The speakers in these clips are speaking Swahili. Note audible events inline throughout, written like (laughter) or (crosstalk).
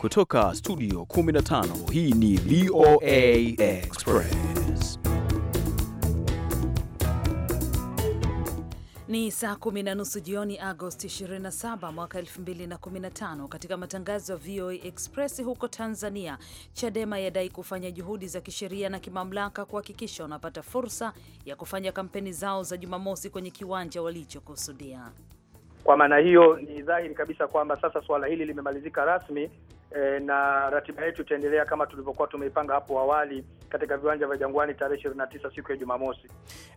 Kutoka studio 15 hii ni VOA Express. Ni saa kumi na nusu jioni Agosti 27 mwaka 2015. Katika matangazo ya VOA Express huko Tanzania, Chadema yadai kufanya juhudi za kisheria na kimamlaka kuhakikisha wanapata fursa ya kufanya kampeni zao za Jumamosi kwenye kiwanja walichokusudia. Kwa maana hiyo ni dhahiri kabisa kwamba sasa suala hili limemalizika rasmi e, na ratiba yetu itaendelea kama tulivyokuwa tumeipanga hapo awali katika viwanja vya Jangwani tarehe 29 siku ya Jumamosi.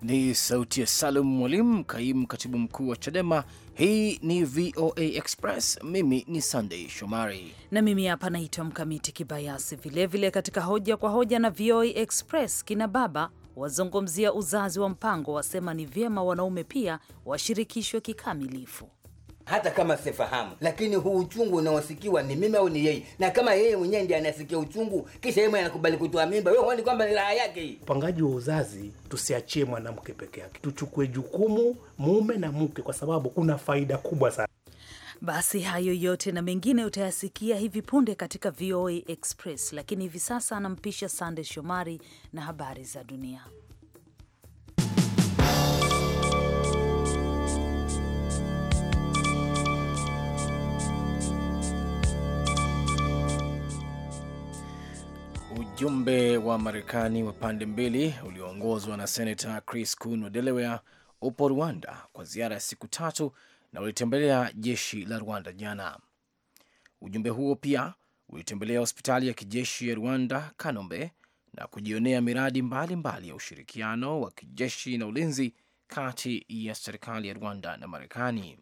Ni sauti ya Salum Mwalimu, kaimu katibu mkuu wa Chadema. Hii ni VOA Express. Mimi ni Sunday Shomari na mimi hapa naitwa Mkamiti Kibayasi. Vilevile katika hoja kwa hoja na VOA Express, kina baba wazungumzia uzazi wa mpango, wasema ni vyema wanaume pia washirikishwe kikamilifu hata kama sifahamu, lakini huu uchungu unaosikiwa ni mimi au ni yeye? Na kama yeye mwenyewe ndiye anasikia uchungu, kisha yeye anakubali kutoa mimba, wewe huoni kwamba ni raha yake hii? Upangaji wa uzazi tusiachie mwanamke peke yake, tuchukue jukumu mume na mke, kwa sababu kuna faida kubwa sana. Basi hayo yote na mengine utayasikia hivi punde katika VOA Express, lakini hivi sasa anampisha Sande Shomari na habari za dunia. Ujumbe wa Marekani wa pande mbili ulioongozwa na Senata Chris Coons wa Delaware upo Rwanda kwa ziara ya siku tatu na ulitembelea jeshi la Rwanda jana. Ujumbe huo pia ulitembelea hospitali ya kijeshi ya Rwanda Kanombe na kujionea miradi mbalimbali mbali ya ushirikiano wa kijeshi na ulinzi kati ya serikali ya Rwanda na Marekani.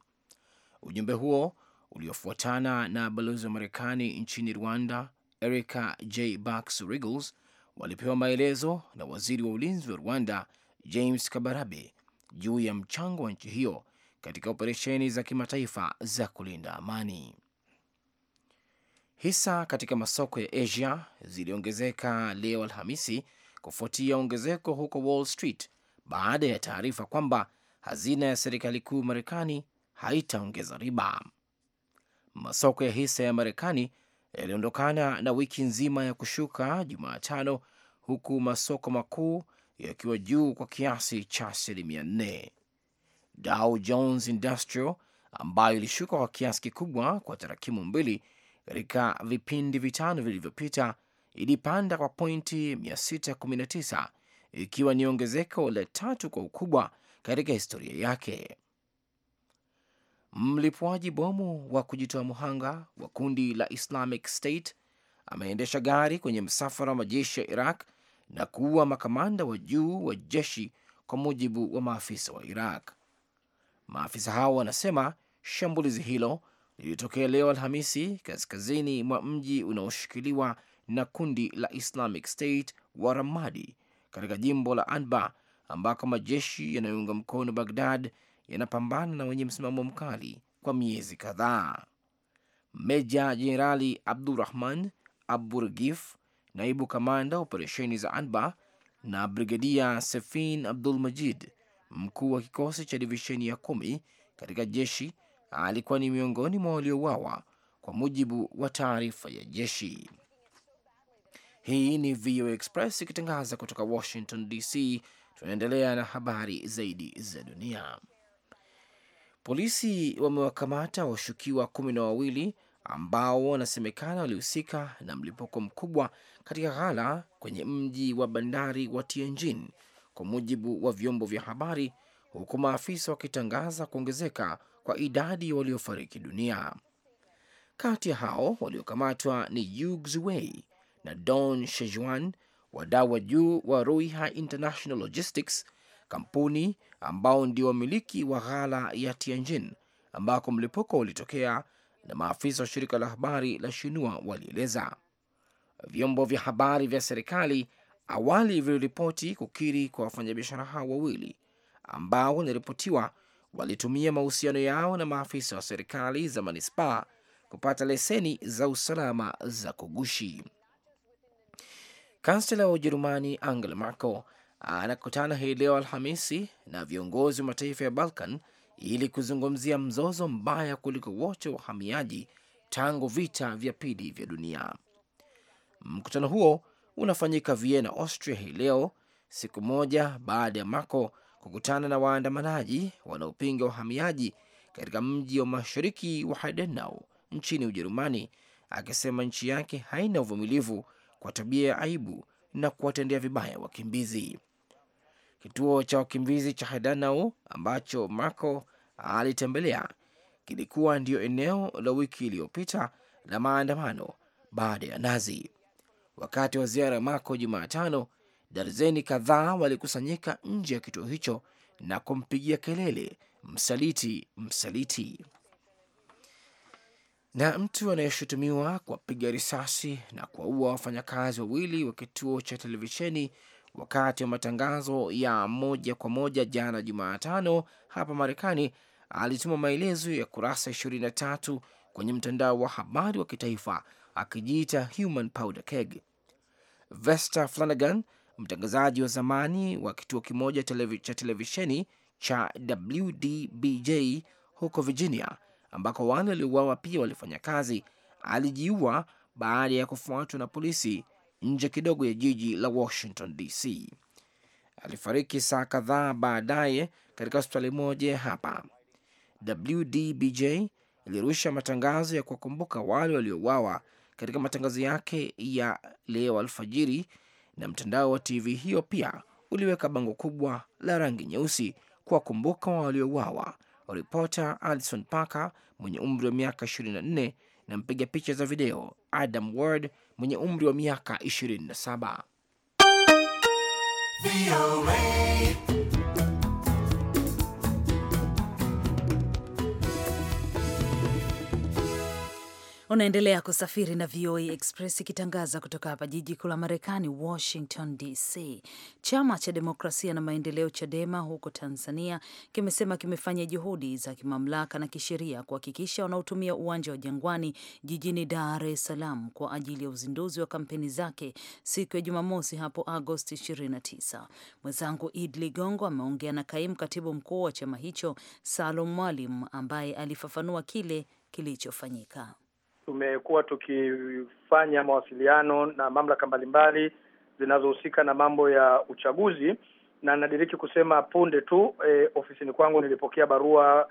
Ujumbe huo uliofuatana na balozi wa Marekani nchini Rwanda Erica J Bax Riggles walipewa maelezo na waziri wa ulinzi wa Rwanda James Kabarabe juu ya mchango wa nchi hiyo katika operesheni za kimataifa za kulinda amani. Hisa katika masoko ya Asia ziliongezeka leo Alhamisi kufuatia ongezeko huko Wall Street baada ya taarifa kwamba hazina ya serikali kuu Marekani haitaongeza riba. Masoko ya hisa ya Marekani yaliondokana na wiki nzima ya kushuka Jumatano, huku masoko makuu yakiwa juu kwa kiasi cha asilimia nne. Dow Jones Industrial ambayo ilishuka kwa kiasi kikubwa kwa tarakimu mbili katika vipindi vitano vilivyopita ilipanda kwa pointi 619 ikiwa ni ongezeko la tatu kwa ukubwa katika historia yake. Mlipuaji bomu wa kujitoa muhanga wa kundi la Islamic State ameendesha gari kwenye msafara wa majeshi ya Iraq na kuua makamanda wa juu wa jeshi, kwa mujibu wa maafisa wa Iraq. Maafisa hao wanasema shambulizi hilo lilitokea leo Alhamisi kaskazini mwa mji unaoshikiliwa na kundi la Islamic State wa Ramadi katika jimbo la Anbar ambako majeshi yanayounga mkono Bagdad yanapambana na wenye msimamo mkali kwa miezi kadhaa. Meja Jenerali Abdurahman Aburgif, naibu kamanda operesheni za Anba, na Brigedia Sefin Abdul Majid, mkuu wa kikosi cha divisheni ya kumi katika jeshi, alikuwa ni miongoni mwa waliouawa kwa mujibu wa taarifa ya jeshi. Hii ni VOA Express ikitangaza kutoka Washington DC. Tunaendelea na habari zaidi za dunia. Polisi wamewakamata washukiwa kumi na wawili ambao wanasemekana walihusika na mlipuko mkubwa katika ghala kwenye mji wa bandari wa Tianjin, kwa mujibu wa vyombo vya habari, huku maafisa wakitangaza kuongezeka kwa idadi waliofariki dunia. Kati ya hao waliokamatwa ni Yu na Don Shejuan, wadau wa juu wa Ruiha International Logistics kampuni ambao ndio wamiliki wa ghala ya Tianjin ambako mlipuko ulitokea, na maafisa wa shirika la habari la Shinua walieleza. Vyombo vya habari vya serikali awali viliripoti kukiri kwa wafanyabiashara hao wawili ambao wanaripotiwa walitumia mahusiano yao na maafisa wa serikali za manispaa kupata leseni za usalama za kugushi. Kansela wa Ujerumani Angela Merkel Ah, anakutana hii leo Alhamisi na viongozi wa mataifa ya Balkan ili kuzungumzia mzozo mbaya kuliko wote wa wahamiaji tangu vita vya pili vya dunia. Mkutano huo unafanyika Vienna, Austria hii leo, siku moja baada ya Mako kukutana na waandamanaji wanaopinga wahamiaji katika mji wa mashariki wa Heidenau nchini Ujerumani, akisema nchi yake haina uvumilivu kwa tabia ya aibu na kuwatendea vibaya wakimbizi. Kituo cha wakimbizi cha Hadanau ambacho Marco alitembelea kilikuwa ndiyo eneo la wiki iliyopita la maandamano baada ya Nazi. Wakati wa ziara ya Mako Jumatano, darzeni kadhaa walikusanyika nje ya kituo hicho na kumpigia kelele msaliti, msaliti. Na mtu anayeshutumiwa kuwapiga risasi na kuwaua wafanyakazi wawili wa kituo cha televisheni wakati wa matangazo ya moja kwa moja jana Jumatano hapa Marekani, alituma maelezo ya kurasa 23 kwenye mtandao wa habari wa kitaifa akijiita Human Powder Keg. Vesta Flanagan, mtangazaji wa zamani wa kituo kimoja televi cha televisheni cha WDBJ huko Virginia, ambako wale waliouawa pia walifanya kazi, alijiua baada ya kufuatwa na polisi nje kidogo ya jiji la Washington DC. Alifariki saa kadhaa baadaye katika hospitali moja ya hapa. WDBJ ilirusha matangazo ya kuwakumbuka wale waliouawa katika matangazo yake ya leo alfajiri, na mtandao wa TV hiyo pia uliweka bango kubwa la rangi nyeusi kuwakumbuka waliouawa. Ripota Alison Parker mwenye umri wa miaka 24 na mpiga picha za video Adam Ward mwenye umri wa miaka 27. Unaendelea kusafiri na VOA Express ikitangaza kutoka hapa jiji kuu la Marekani, Washington DC. Chama cha Demokrasia na Maendeleo, CHADEMA, huko Tanzania kimesema kimefanya juhudi za kimamlaka na kisheria kuhakikisha wanaotumia uwanja wa Jangwani jijini Dar es Salaam kwa ajili ya uzinduzi wa kampeni zake siku ya Jumamosi hapo Agosti 29. Mwenzangu Id Ligongo ameongea na kaimu katibu mkuu wa chama hicho Salum Mwalim ambaye alifafanua kile kilichofanyika tumekuwa tukifanya mawasiliano na mamlaka mbalimbali zinazohusika na mambo ya uchaguzi, na nadiriki kusema punde tu e, ofisini kwangu nilipokea barua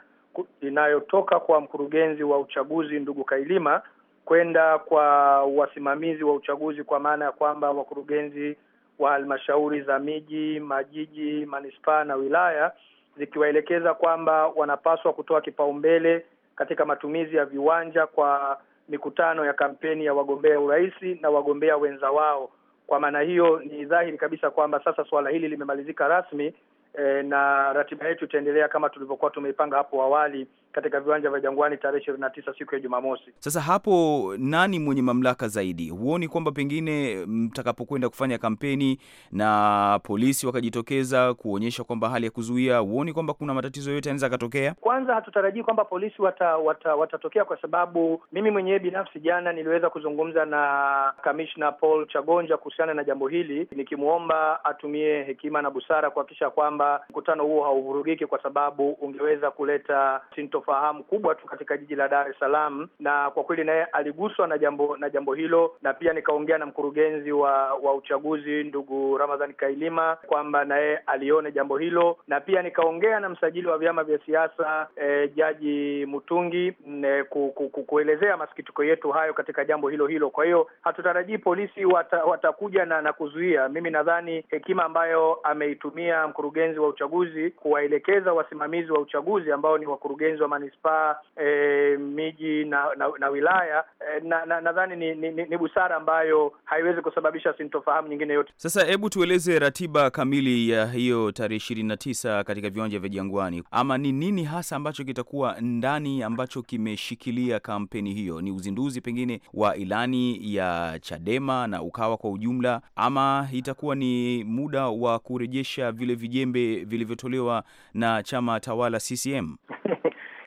inayotoka kwa mkurugenzi wa uchaguzi ndugu Kailima kwenda kwa wasimamizi wa uchaguzi, kwa maana ya kwamba wakurugenzi wa halmashauri za miji, majiji, manispaa na wilaya, zikiwaelekeza kwamba wanapaswa kutoa kipaumbele katika matumizi ya viwanja kwa mikutano ya kampeni ya wagombea urais na wagombea wenza wao. Kwa maana hiyo ni dhahiri kabisa kwamba sasa suala hili limemalizika rasmi, e, na ratiba yetu itaendelea kama tulivyokuwa tumeipanga hapo awali katika viwanja vya Jangwani tarehe ishirini na tisa siku ya Jumamosi. Sasa hapo nani mwenye mamlaka zaidi? Huoni kwamba pengine mtakapokwenda kufanya kampeni na polisi wakajitokeza kuonyesha kwamba hali ya kuzuia, huoni kwamba kuna matatizo yote yanaweza akatokea? Kwanza hatutarajii kwamba polisi watatokea wata, wata kwa sababu mimi mwenyewe binafsi jana niliweza kuzungumza na kamishna Paul Chagonja kuhusiana na jambo hili nikimwomba atumie hekima na busara kuhakikisha kwamba mkutano huo hauvurugiki, kwa sababu ungeweza kuleta sinto ufahamu kubwa tu katika jiji la Dar es Salaam, na kwa kweli naye aliguswa na jambo na jambo hilo, na pia nikaongea na mkurugenzi wa wa uchaguzi ndugu Ramadhan Kailima kwamba naye alione jambo hilo, na pia nikaongea na msajili wa vyama vya siasa e, Jaji Mutungi ne, ku, ku, ku, kuelezea masikitiko yetu hayo katika jambo hilo hilo. Kwa hiyo hatutarajii polisi wata, watakuja na, na kuzuia. Mimi nadhani hekima ambayo ameitumia mkurugenzi wa uchaguzi kuwaelekeza wasimamizi wa uchaguzi ambao ni wakurugenzi wa manispaa e, miji na na, na wilaya e, na nadhani na, ni, ni, ni busara ambayo haiwezi kusababisha sintofahamu nyingine yote. Sasa hebu tueleze ratiba kamili ya hiyo tarehe ishirini na tisa katika viwanja vya Jangwani, ama ni nini hasa ambacho kitakuwa ndani ambacho kimeshikilia kampeni hiyo? Ni uzinduzi pengine wa ilani ya Chadema na Ukawa kwa ujumla, ama itakuwa ni muda wa kurejesha vile vijembe vilivyotolewa na chama tawala CCM? (laughs)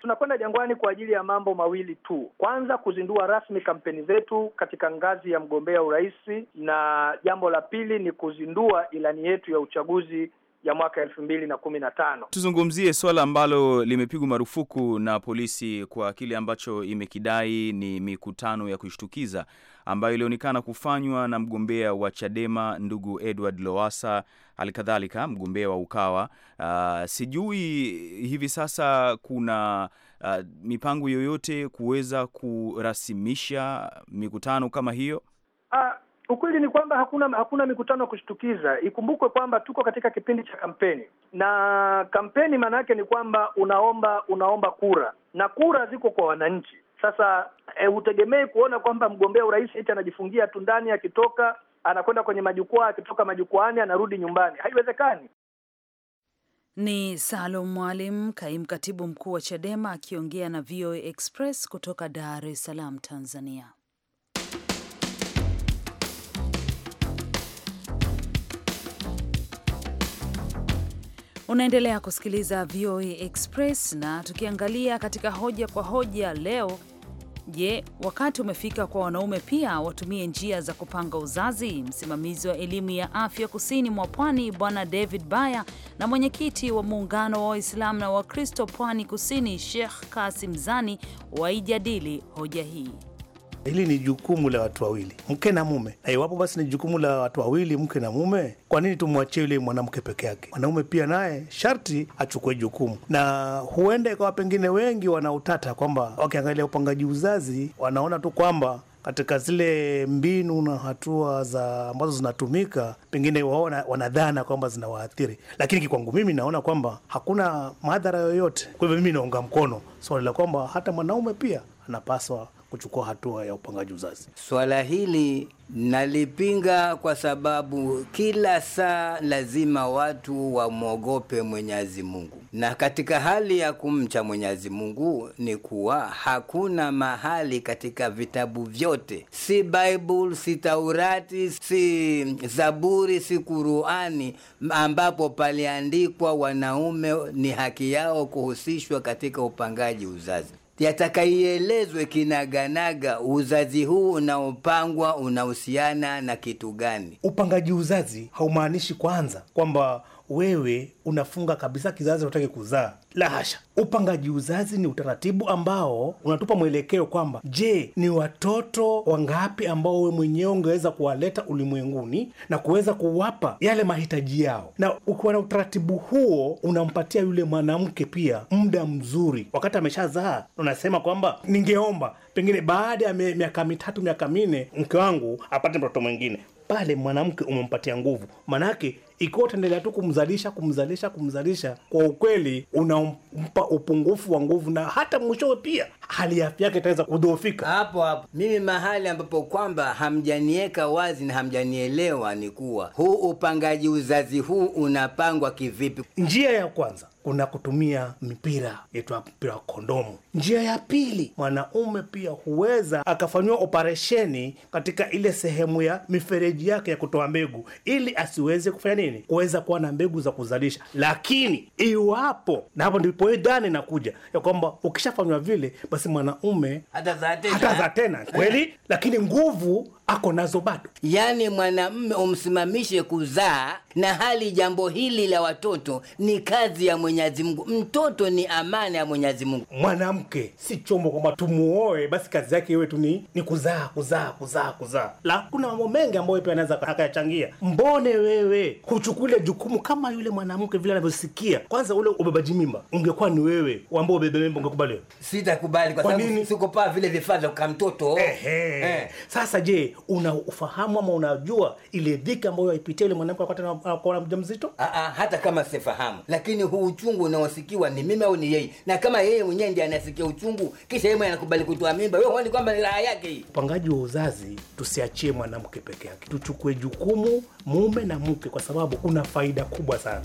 tunakwenda Jangwani kwa ajili ya mambo mawili tu. Kwanza, kuzindua rasmi kampeni zetu katika ngazi ya mgombea urais, na jambo la pili ni kuzindua ilani yetu ya uchaguzi ya mwaka elfu mbili na kumi na tano. Tuzungumzie swala ambalo limepigwa marufuku na polisi kwa kile ambacho imekidai ni mikutano ya kushtukiza ambayo ilionekana kufanywa na mgombea wa Chadema ndugu Edward Lowassa, halikadhalika mgombea wa Ukawa. Uh, sijui hivi sasa kuna uh, mipango yoyote kuweza kurasimisha mikutano kama hiyo? Uh, ukweli ni kwamba hakuna hakuna mikutano ya kushtukiza. Ikumbukwe kwamba tuko katika kipindi cha kampeni, na kampeni maana yake ni kwamba unaomba unaomba kura na kura ziko kwa wananchi. Sasa eh, hutegemei kuona kwamba mgombea urais eti anajifungia tu ndani, akitoka anakwenda kwenye majukwaa, akitoka majukwaani anarudi nyumbani, haiwezekani. Ni Salum Mwalim, kaimu katibu mkuu wa CHADEMA akiongea na VOA Express kutoka Dar es Salaam, Tanzania. Unaendelea kusikiliza VOA Express na tukiangalia katika hoja kwa hoja leo. Je, wakati umefika kwa wanaume pia watumie njia za kupanga uzazi? Msimamizi wa elimu ya afya kusini mwa pwani Bwana David Baya na mwenyekiti wa muungano wa Waislamu na Wakristo pwani kusini Sheikh Kasim Zani waijadili hoja hii. Hili ni jukumu la watu wawili, mke na mume, na iwapo basi ni jukumu la watu wawili, mke na mume, kwa nini tumwachie yule mwanamke peke yake? Mwanaume pia naye sharti achukue jukumu, na huenda ikawa pengine wengi wanautata kwamba wakiangalia upangaji uzazi wanaona tu kwamba katika zile mbinu na hatua za ambazo zinatumika pengine wao wanadhana kwamba zinawaathiri, lakini kikwangu mimi naona kwamba hakuna madhara yoyote. Kwa hivyo mimi naunga mkono swali so, la kwamba hata mwanaume pia anapaswa kuchukua hatua ya upangaji uzazi. Swala hili nalipinga kwa sababu kila saa lazima watu wamwogope Mwenyezi Mungu, na katika hali ya kumcha Mwenyezi Mungu ni kuwa hakuna mahali katika vitabu vyote, si Bible, si Taurati, si Zaburi, si Kuruani, ambapo paliandikwa wanaume ni haki yao kuhusishwa katika upangaji uzazi yatakaielezwe kinaganaga uzazi huu unaopangwa unahusiana na kitu gani. Upangaji uzazi haumaanishi kwanza kwamba wewe unafunga kabisa kizazi utake kuzaa. La hasha! Upangaji uzazi ni utaratibu ambao unatupa mwelekeo kwamba, je, ni watoto wangapi ambao wewe mwenyewe ungeweza kuwaleta ulimwenguni na kuweza kuwapa yale mahitaji yao. Na ukiwa na utaratibu huo, unampatia yule mwanamke pia muda mzuri. Wakati ameshazaa, unasema kwamba ningeomba pengine baada ya miaka mitatu, miaka minne, mke wangu apate mtoto mwingine. Pale mwanamke umempatia nguvu, manake ikiwa utaendelea tu kumzalisha kumzalisha kumzalisha, kwa ukweli unampa upungufu wa nguvu, na hata mwishowe pia hali ya afya yake itaweza kudhoofika. Hapo hapo mimi mahali ambapo kwamba hamjanieka wazi na hamjanielewa ni kuwa huu upangaji uzazi huu unapangwa kivipi? Njia ya kwanza kuna kutumia mipira itwa mpira wa kondomu. Njia ya pili, mwanaume pia huweza akafanyiwa operesheni katika ile sehemu ya mifereji yake ya kutoa mbegu ili asiweze kufanya nini nini kuweza kuwa na mbegu za kuzalisha, lakini iwapo na hapo ndipo dani inakuja ya kwamba ukishafanywa vile, basi mwanaume za tena kweli, lakini nguvu ako nazo bado. yani mwanamme umsimamishe kuzaa, na hali jambo hili la watoto ni kazi ya Mwenyezi Mungu. Mtoto ni amana ya Mwenyezi Mungu. Mwanamke si chombo kwamba tumuoe basi kazi yake iwe tu ni kuzaa kuzaa kuzaa kuzaa. La, kuna mambo mengi ambayo pia anaweza akayachangia. Mbone wewe huchukule jukumu kama yule mwanamke vile anavyosikia? Kwanza ule ubebaji mimba ungekuwa ni wewe ambao ubebe mimba, ungekubali? Sitakubali kwa sababu sikopaa vile vifaa vya mtoto Ehe. Eh. Sasa je, una ufahamu ama unajua ile dhiki ambayo aipitia ile mwanamke akaona mjamzito? Aa, ah, ah, hata kama sifahamu, lakini huu uchungu unaosikiwa ni mimi au ni yeye? Na kama yeye mwenyewe ndiye anasikia uchungu kisha yeye anakubali kutoa mimba, wewe huoni kwamba ni raha yake hii? Upangaji wa uzazi tusiachie mwanamke peke yake, tuchukue jukumu mume na mke, kwa sababu una faida kubwa sana.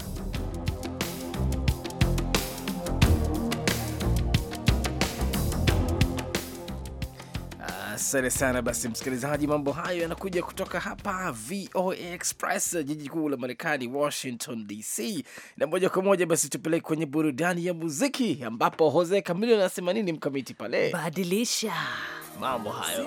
Asante sana. Basi msikilizaji, mambo hayo yanakuja kutoka hapa VOA Express, jiji kuu la Marekani, Washington DC, na moja kwa moja basi tupeleke kwenye burudani ya muziki, ambapo Jose Camilo anasema nini mkamiti pale, badilisha mambo hayo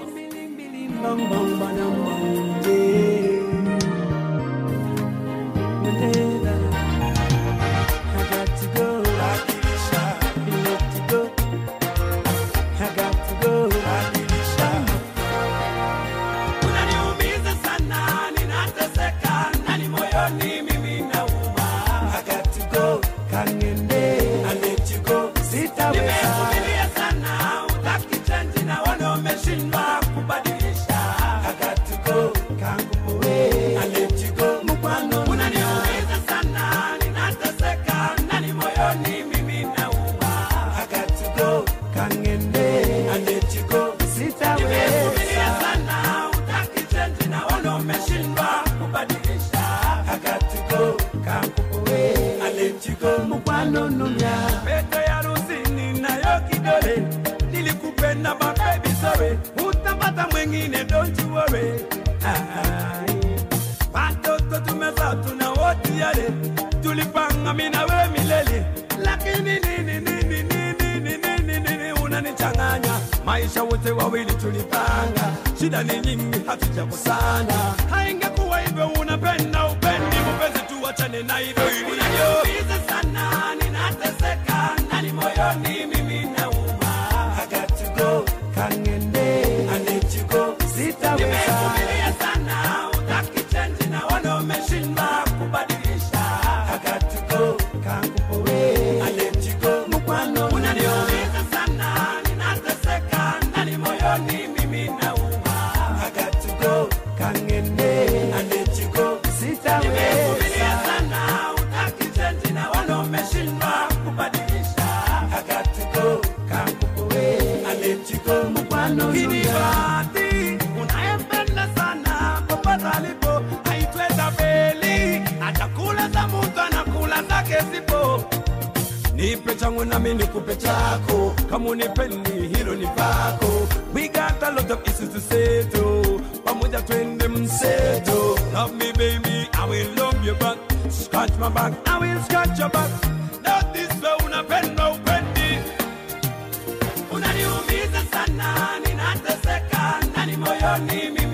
kuchanganya maisha wote wawili tulipanga, shida ni nyingi hatujakusana. Haingekuwa hivyo, unapenda upendi, mpenzi, tuachane na hivyo. Unaniumiza sana, ninateseka ndani moyoni mimi changu nami nikupe chako, kama unipendi hilo ni pako. We got a lot of issues to settle, pamoja twende mseto. Love me baby, I will love you back, scratch my back, I will scratch your back. That is where unapenda upendi, unaniumiza sana, ninateseka nani moyoni mimi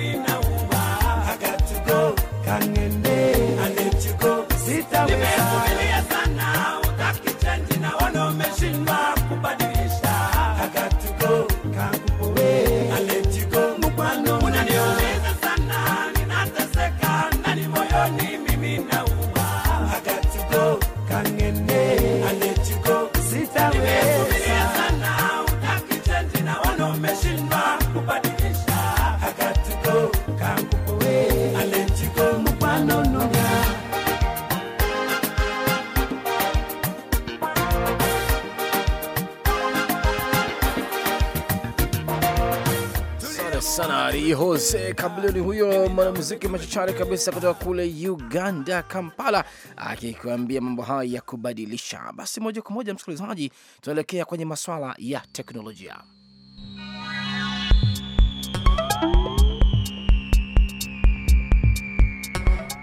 Jose Kabloni, huyo mwanamuziki machachari kabisa kutoka kule Uganda, Kampala, akikuambia mambo hayo ya kubadilisha. Basi moja kwa moja, msikilizaji, tunaelekea kwenye maswala ya teknolojia.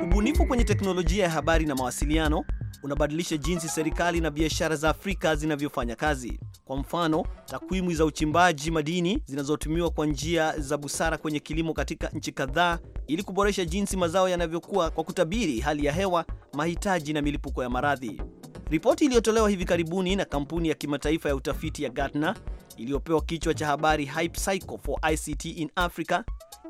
Ubunifu kwenye teknolojia ya habari na mawasiliano unabadilisha jinsi serikali na biashara za Afrika zinavyofanya kazi. Kwa mfano, takwimu za uchimbaji madini zinazotumiwa kwa njia za busara kwenye kilimo katika nchi kadhaa ili kuboresha jinsi mazao yanavyokuwa kwa kutabiri hali ya hewa, mahitaji na milipuko ya maradhi. Ripoti iliyotolewa hivi karibuni na kampuni ya kimataifa ya utafiti ya Gartner iliyopewa kichwa cha habari Hype Cycle for ICT in Africa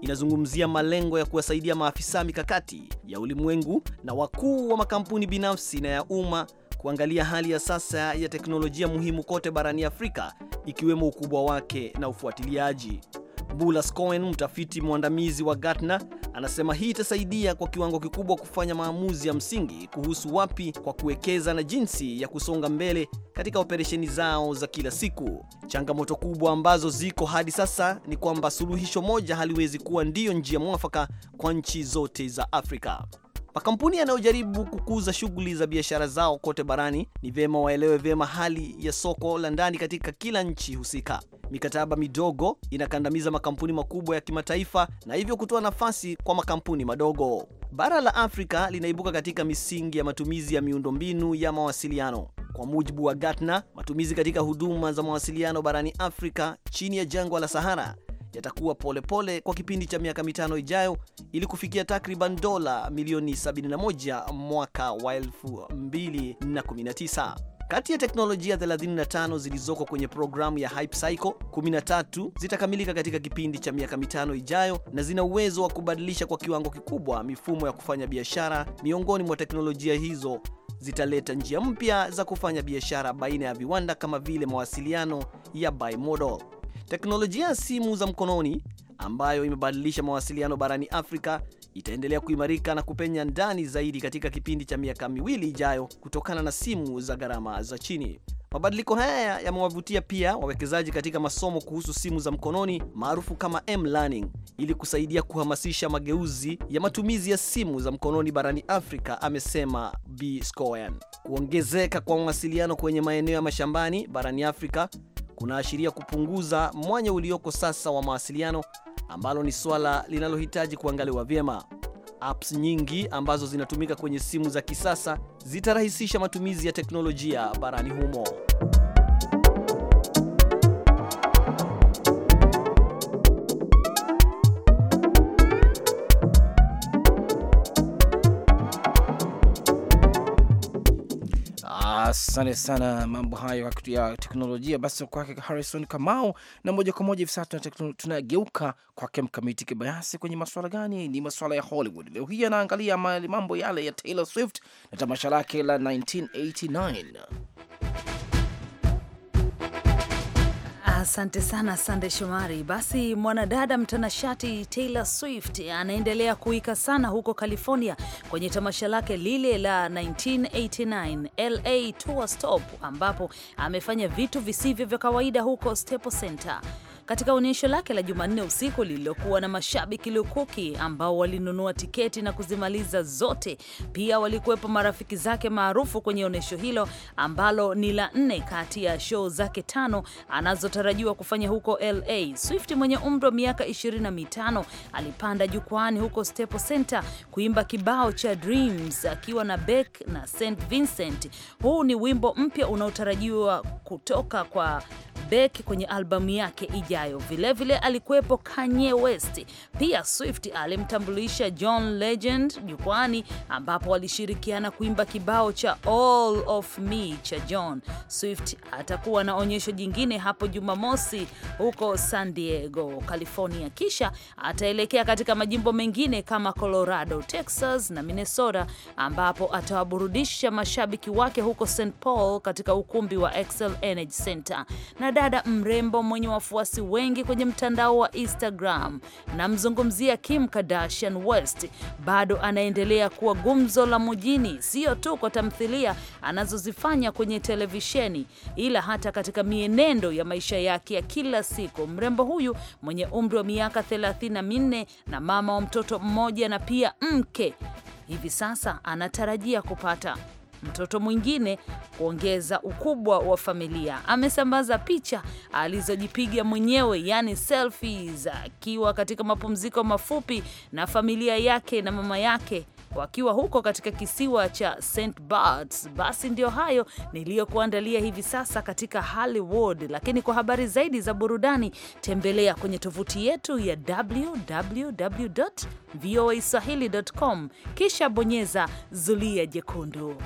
inazungumzia malengo ya kuwasaidia maafisa mikakati ya ulimwengu na wakuu wa makampuni binafsi na ya umma kuangalia hali ya sasa ya teknolojia muhimu kote barani Afrika ikiwemo ukubwa wake na ufuatiliaji. Bulas Cohen, mtafiti mwandamizi wa Gartner, Anasema hii itasaidia kwa kiwango kikubwa kufanya maamuzi ya msingi kuhusu wapi kwa kuwekeza na jinsi ya kusonga mbele katika operesheni zao za kila siku. Changamoto kubwa ambazo ziko hadi sasa ni kwamba suluhisho moja haliwezi kuwa ndiyo njia mwafaka kwa nchi zote za Afrika. Makampuni yanayojaribu kukuza shughuli za biashara zao kote barani ni vyema waelewe vyema hali ya soko la ndani katika kila nchi husika. Mikataba midogo inakandamiza makampuni makubwa ya kimataifa na hivyo kutoa nafasi kwa makampuni madogo. Bara la Afrika linaibuka katika misingi ya matumizi ya miundombinu ya mawasiliano. Kwa mujibu wa Gartner, matumizi katika huduma za mawasiliano barani Afrika chini ya jangwa la Sahara yatakuwa polepole kwa kipindi cha miaka mitano ijayo ili kufikia takriban dola milioni 71 mwaka wa 2019. Kati ya teknolojia 35 zilizoko kwenye programu ya Hype Cycle, 13 zitakamilika katika kipindi cha miaka mitano ijayo na zina uwezo wa kubadilisha kwa kiwango kikubwa mifumo ya kufanya biashara. Miongoni mwa teknolojia hizo zitaleta njia mpya za kufanya biashara baina ya viwanda kama vile mawasiliano ya bimodal. Teknolojia ya simu za mkononi ambayo imebadilisha mawasiliano barani Afrika itaendelea kuimarika na kupenya ndani zaidi katika kipindi cha miaka miwili ijayo kutokana na simu za gharama za chini. Mabadiliko haya yamewavutia pia wawekezaji katika masomo kuhusu simu za mkononi maarufu kama m-learning ili kusaidia kuhamasisha mageuzi ya matumizi ya simu za mkononi barani Afrika, amesema B Scoan. Kuongezeka kwa mawasiliano kwenye maeneo ya mashambani barani Afrika kunaashiria kupunguza mwanya ulioko sasa wa mawasiliano, ambalo ni suala linalohitaji kuangaliwa vyema. Apps nyingi ambazo zinatumika kwenye simu za kisasa zitarahisisha matumizi ya teknolojia barani humo. Asante sana, mambo hayo ya teknolojia basi kwake Harrison Kamau. Na moja kwa moja hivi sasa tunageuka kwake Mkamiti Kibayasi. Kwenye maswala gani? Ni maswala ya Hollywood. Leo hii anaangalia mambo yale ya Taylor Swift na tamasha lake la 1989 Asante sana Sande Shomari. Basi mwanadada mtanashati Taylor Swift anaendelea kuika sana huko California kwenye tamasha lake lile la 1989 LA Tour Stop, ambapo amefanya vitu visivyo vya kawaida huko Staples Center katika onyesho lake la Jumanne usiku lililokuwa na mashabiki lukuki ambao walinunua tiketi na kuzimaliza zote. Pia walikuwepo marafiki zake maarufu kwenye onyesho hilo ambalo ni la nne kati ya show zake tano anazotarajiwa kufanya huko LA. Swift mwenye umri wa miaka 25 alipanda jukwani huko Staples Center kuimba kibao cha Dreams akiwa na Beck na St Vincent. Huu ni wimbo mpya unaotarajiwa kutoka kwa Beck kwenye albamu yake ija ijayo. Vilevile alikuwepo Kanye West. Pia Swift alimtambulisha John Legend jukwani, ambapo walishirikiana kuimba kibao cha All of Me cha John. Swift atakuwa na onyesho jingine hapo Jumamosi huko San Diego, California, kisha ataelekea katika majimbo mengine kama Colorado, Texas na Minnesota, ambapo atawaburudisha mashabiki wake huko St Paul katika ukumbi wa Xcel Energy Center. Na dada mrembo mwenye wafuasi wengi kwenye mtandao wa Instagram. Namzungumzia Kim Kardashian West, bado anaendelea kuwa gumzo la mjini, sio tu kwa tamthilia anazozifanya kwenye televisheni, ila hata katika mienendo ya maisha yake ya kila siku. Mrembo huyu mwenye umri wa miaka 34 na mama wa mtoto mmoja na pia mke, hivi sasa anatarajia kupata mtoto mwingine kuongeza ukubwa wa familia. Amesambaza picha alizojipiga mwenyewe, yani selfies, akiwa katika mapumziko mafupi na familia yake na mama yake wakiwa huko katika kisiwa cha St Barts. Basi ndio hayo niliyokuandalia hivi sasa katika Hollywood, lakini kwa habari zaidi za burudani tembelea kwenye tovuti yetu ya www.voaswahili.com, kisha bonyeza zulia jekundu.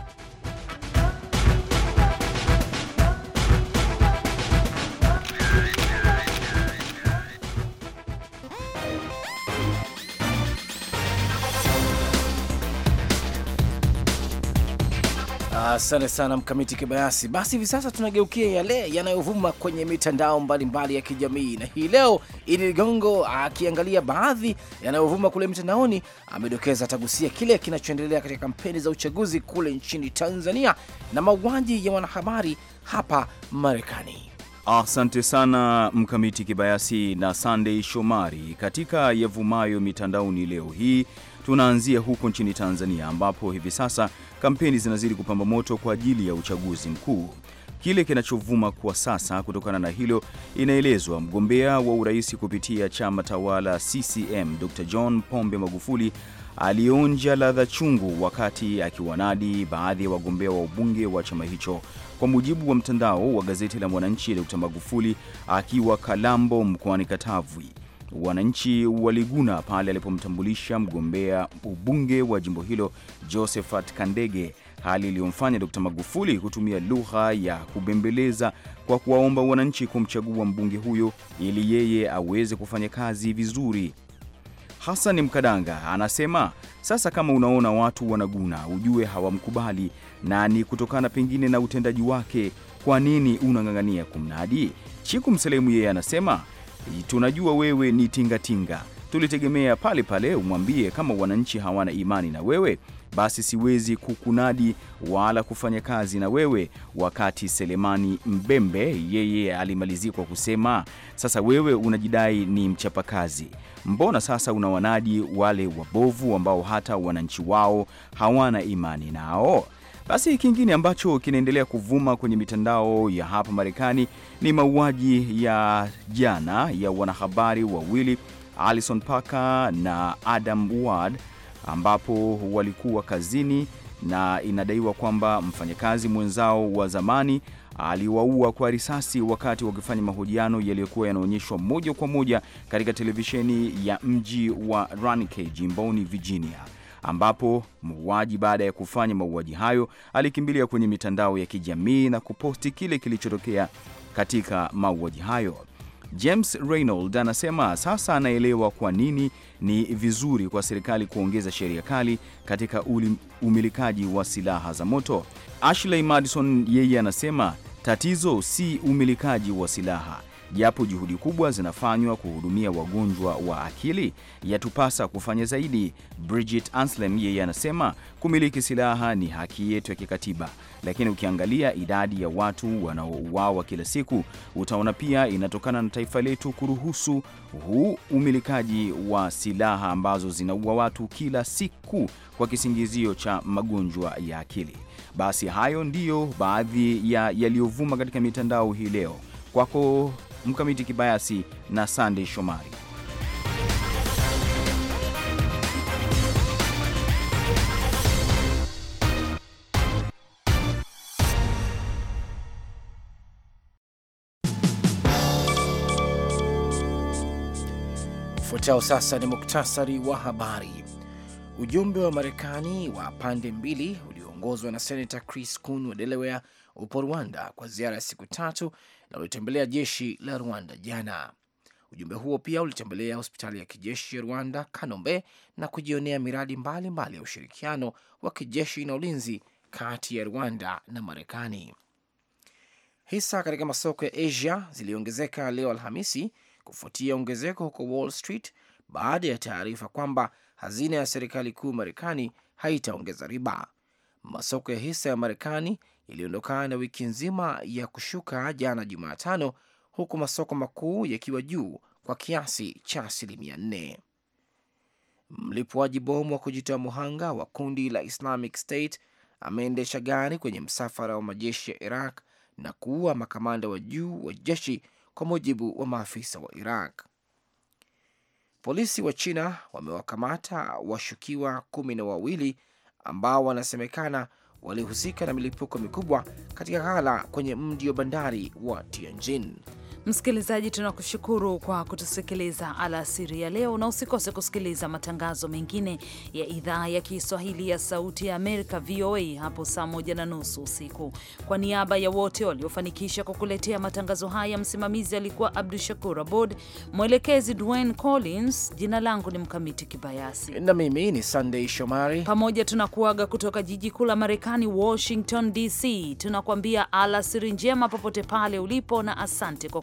Asante sana Mkamiti Kibayasi. Basi hivi sasa tunageukia yale yanayovuma kwenye mitandao mbalimbali mbali ya kijamii, na hii leo Idi Ligongo akiangalia baadhi yanayovuma kule mitandaoni, amedokeza atagusia kile kinachoendelea katika kampeni za uchaguzi kule nchini Tanzania na mauaji ya wanahabari hapa Marekani. Asante sana Mkamiti Kibayasi na sandey Shomari. Katika yavumayo mitandaoni leo hii Tunaanzia huko nchini Tanzania ambapo hivi sasa kampeni zinazidi kupamba moto kwa ajili ya uchaguzi mkuu. Kile kinachovuma kwa sasa kutokana na hilo, inaelezwa mgombea wa urais kupitia chama tawala CCM Dr. John Pombe Magufuli alionja ladha chungu wakati akiwanadi baadhi ya wagombea wa ubunge wa chama hicho. Kwa mujibu wa mtandao wa gazeti la Mwananchi, Dr. Magufuli akiwa Kalambo mkoani Katavi Wananchi waliguna pale alipomtambulisha mgombea ubunge wa jimbo hilo Josephat Kandege, hali iliyomfanya Dkt. Magufuli kutumia lugha ya kubembeleza kwa kuwaomba wananchi kumchagua mbunge huyo ili yeye aweze kufanya kazi vizuri. Hassan Mkadanga anasema sasa, kama unaona watu wanaguna, ujue hawamkubali na ni kutokana pengine na utendaji wake. Kwa nini unang'ang'ania kumnadi? Chiku Mselemu yeye anasema tunajua wewe ni tingatinga tinga. Tulitegemea pale pale umwambie kama wananchi hawana imani na wewe basi siwezi kukunadi wala kufanya kazi na wewe. Wakati Selemani Mbembe yeye alimalizia kwa kusema, sasa wewe unajidai ni mchapakazi, mbona sasa unawanadi wale wabovu ambao hata wananchi wao hawana imani nao? Basi kingine ambacho kinaendelea kuvuma kwenye mitandao ya hapa Marekani ni mauaji ya jana ya wanahabari wawili Alison Parker na Adam Ward ambapo walikuwa kazini na inadaiwa kwamba mfanyakazi mwenzao wa zamani aliwaua kwa risasi wakati wakifanya mahojiano yaliyokuwa yanaonyeshwa moja kwa moja katika televisheni ya mji wa Ranike jimboni Virginia ambapo muuaji baada ya kufanya mauaji hayo alikimbilia kwenye mitandao ya kijamii na kuposti kile kilichotokea katika mauaji hayo. James Reynold anasema sasa anaelewa kwa nini ni vizuri kwa serikali kuongeza sheria kali katika uli, umilikaji wa silaha za moto. Ashley Madison yeye anasema tatizo si umilikaji wa silaha Japo juhudi kubwa zinafanywa kuhudumia wagonjwa wa akili, yatupasa kufanya zaidi. Bridget Anslem yeye anasema kumiliki silaha ni haki yetu ya kikatiba, lakini ukiangalia idadi ya watu wanaouawa kila siku utaona pia inatokana na taifa letu kuruhusu huu umilikaji wa silaha ambazo zinaua watu kila siku kwa kisingizio cha magonjwa ya akili. Basi hayo ndiyo baadhi ya yaliyovuma katika mitandao hii leo. Kwako Mkamiti Kibayasi na Sandey Shomari. ufuatao sasa ni muktasari wa habari. Ujumbe wa Marekani wa pande mbili ulioongozwa na Senata Chris Coons wa Delaware upo Rwanda kwa ziara ya siku tatu na ulitembelea jeshi la Rwanda jana. Ujumbe huo pia ulitembelea hospitali ya kijeshi ya Rwanda Kanombe na kujionea miradi mbalimbali mbali ya ushirikiano wa kijeshi na ulinzi kati ya Rwanda na Marekani. Hisa katika masoko ya Asia ziliongezeka leo Alhamisi kufuatia ongezeko huko Wall Street baada ya taarifa kwamba hazina ya serikali kuu Marekani haitaongeza riba. Masoko ya hisa ya Marekani iliondokana na wiki nzima ya kushuka jana Jumatano, huku masoko makuu yakiwa juu kwa kiasi cha asilimia nne. Mlipuaji bomu wa kujitoa muhanga wa kundi la Islamic State ameendesha gari kwenye msafara wa majeshi ya Iraq na kuua makamanda wa juu wa jeshi, kwa mujibu wa maafisa wa Iraq. Polisi wa China wamewakamata washukiwa kumi na wawili ambao wanasemekana walihusika na milipuko mikubwa katika ghala kwenye mji wa bandari wa Tianjin. Msikilizaji, tunakushukuru kwa kutusikiliza alasiri ya leo, na usikose kusikiliza matangazo mengine ya idhaa ya Kiswahili ya Sauti ya Amerika, VOA, hapo saa moja na nusu usiku. Kwa niaba ya wote waliofanikisha kukuletea matangazo haya, msimamizi alikuwa Abdu Shakur Abod, mwelekezi Dwayne Collins, jina langu ni Mkamiti Kibayasi na mimi ni Sandei Shomari. Pamoja tunakuaga kutoka jiji kuu la Marekani, Washington DC. Tunakuambia alasiri njema popote pale ulipo, na asante kwa